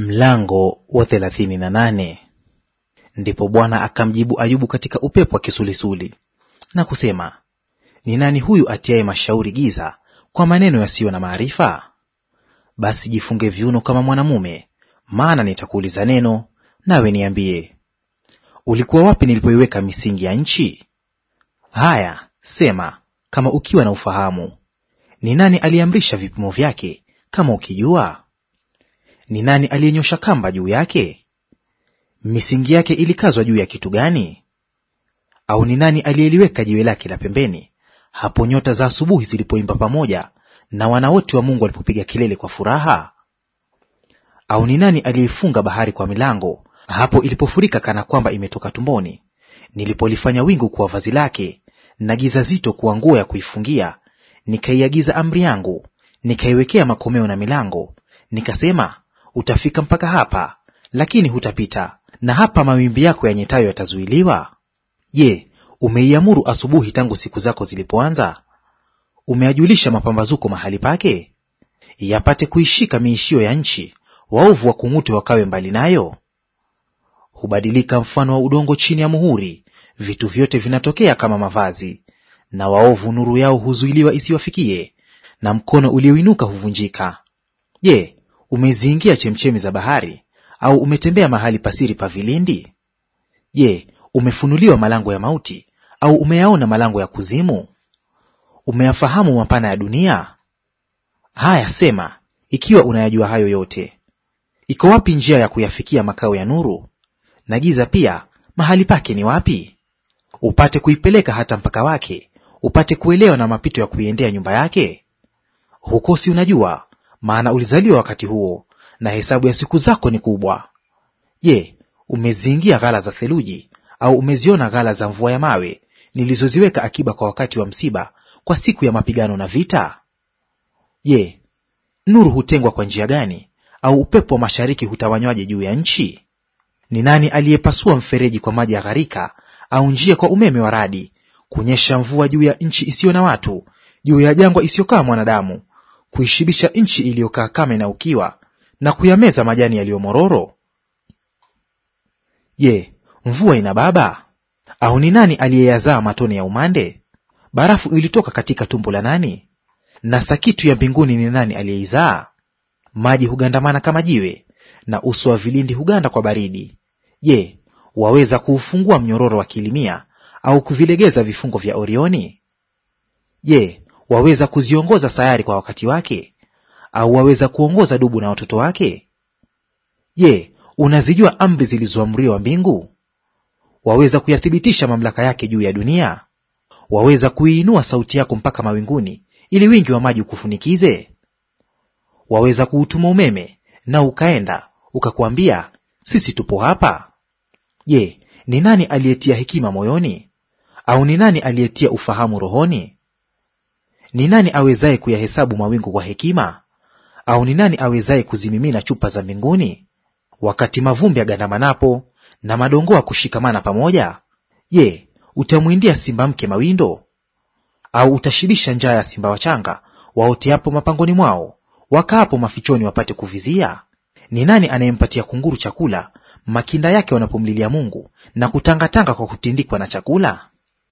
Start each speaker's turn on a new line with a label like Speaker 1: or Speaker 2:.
Speaker 1: Mlango wa thelathini na nane. Ndipo Bwana akamjibu Ayubu katika upepo wa kisulisuli na kusema, ni nani huyu atiaye mashauri giza kwa maneno yasiyo na maarifa? Basi jifunge viuno kama mwanamume, maana nitakuuliza neno, nawe niambie. Ulikuwa wapi nilipoiweka misingi ya nchi? Haya, sema, kama ukiwa na ufahamu. Ni nani aliamrisha vipimo vyake, kama ukijua? Ni nani aliyenyosha kamba juu yake? Misingi yake ilikazwa juu ya kitu gani? Au ni nani aliyeliweka jiwe lake la pembeni, hapo nyota za asubuhi zilipoimba pamoja na wana wote wa Mungu walipopiga kelele kwa furaha? Au ni nani aliyeifunga bahari kwa milango, hapo ilipofurika kana kwamba imetoka tumboni, nilipolifanya wingu kuwa vazi lake na giza zito kuwa nguo ya kuifungia, nikaiagiza amri yangu, nikaiwekea makomeo na milango, nikasema utafika mpaka hapa, lakini hutapita, na hapa mawimbi yako yanyetayo yatazuiliwa? Je, umeiamuru asubuhi tangu siku zako zilipoanza? Umeajulisha mapambazuko mahali pake, yapate kuishika miishio ya nchi, waovu wakung'ute wakawe mbali nayo? Hubadilika mfano wa udongo chini ya muhuri, vitu vyote vinatokea kama mavazi. Na waovu nuru yao huzuiliwa isiwafikie, na mkono ulioinuka huvunjika. Je, umeziingia chemchemi za bahari, au umetembea mahali pasiri pa vilindi? Je, umefunuliwa malango ya mauti, au umeyaona malango ya kuzimu? Umeyafahamu mapana ya dunia? Haya, sema, ikiwa unayajua hayo yote. Iko wapi njia ya kuyafikia makao ya nuru? Na giza pia mahali pake ni wapi? Upate kuipeleka hata mpaka wake, upate kuelewa na mapito ya kuiendea nyumba yake. Huko si unajua maana ulizaliwa wakati huo, na hesabu ya siku zako ni kubwa. Je, umeziingia ghala za theluji, au umeziona ghala za mvua ya mawe nilizoziweka akiba kwa wakati wa msiba, kwa siku ya mapigano na vita? Je, nuru hutengwa kwa njia gani, au upepo wa mashariki hutawanywaje juu ya nchi? Ni nani aliyepasua mfereji kwa maji ya gharika, au njia kwa umeme wa radi, kunyesha mvua juu ya nchi isiyo na watu, juu ya jangwa isiyokaa mwanadamu, kuishibisha nchi iliyokaa kame na ukiwa, na kuyameza majani yaliyomororo? Je, mvua ina baba? Au ni nani aliyeyazaa matone ya umande? Barafu ilitoka katika tumbo la nani? Na sakitu ya mbinguni ni nani aliyeizaa? Maji hugandamana kama jiwe, na uso wa vilindi huganda kwa baridi. Je, waweza kuufungua mnyororo wa Kilimia, au kuvilegeza vifungo vya Orioni? Je, waweza kuziongoza sayari kwa wakati wake? Au waweza kuongoza dubu na watoto wake? Je, unazijua amri zilizoamriwa mbingu? Waweza kuyathibitisha mamlaka yake juu ya dunia? Waweza kuiinua sauti yako mpaka mawinguni, ili wingi wa maji ukufunikize? Waweza kuutuma umeme na ukaenda, ukakuambia sisi tupo hapa? Je, ni nani aliyetia hekima moyoni? Au ni nani aliyetia ufahamu rohoni? Ni nani awezaye kuyahesabu mawingu kwa hekima? Au ni nani awezaye kuzimimina chupa za mbinguni? Wakati mavumbi agandamanapo na madongoa kushikamana pamoja, je, utamwindia simba mke mawindo? Au utashibisha njaa ya simba wachanga waoteapo mapangoni mwao, wakaapo mafichoni wapate kuvizia? Ni nani anayempatia kunguru chakula, makinda yake wanapomlilia Mungu na kutangatanga kwa kutindikwa na chakula?